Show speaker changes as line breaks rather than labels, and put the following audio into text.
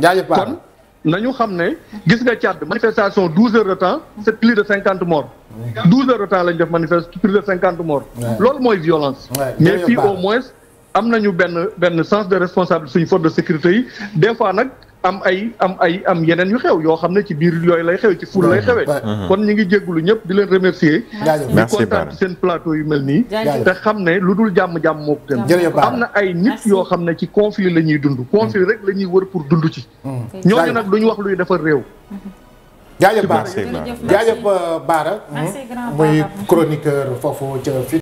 jaajëf Ba kon nañu xam ne gis nga Tchad manifestation douze heures de temps c'est plus de cinquante morts douze heures de temps lañ def manifeste plus de cinquante morts loolu mooy violence mais fii au moins am nañu benn benn sens de responsable suñu force de sécurité yi des fois nag am ay am ay am yeneen yu xew yoo xam ne ci biir yooyu lay xew ci ful lay xewee kon ñu ngi lu ñëpp di leen remercier di kontaan seen plateau yu mel nii te xam ne lu dul jàmm-jàmm moo ko am na ay nit yoo xam ne ci conflit la ñuy dund conflit rek la ñuy wër pour dund ci
mm. ñooñu
nag duñu wax luy defar réew jaajëf Baara jaajëf euh,
Baara muy chroniqueur foofu ca fi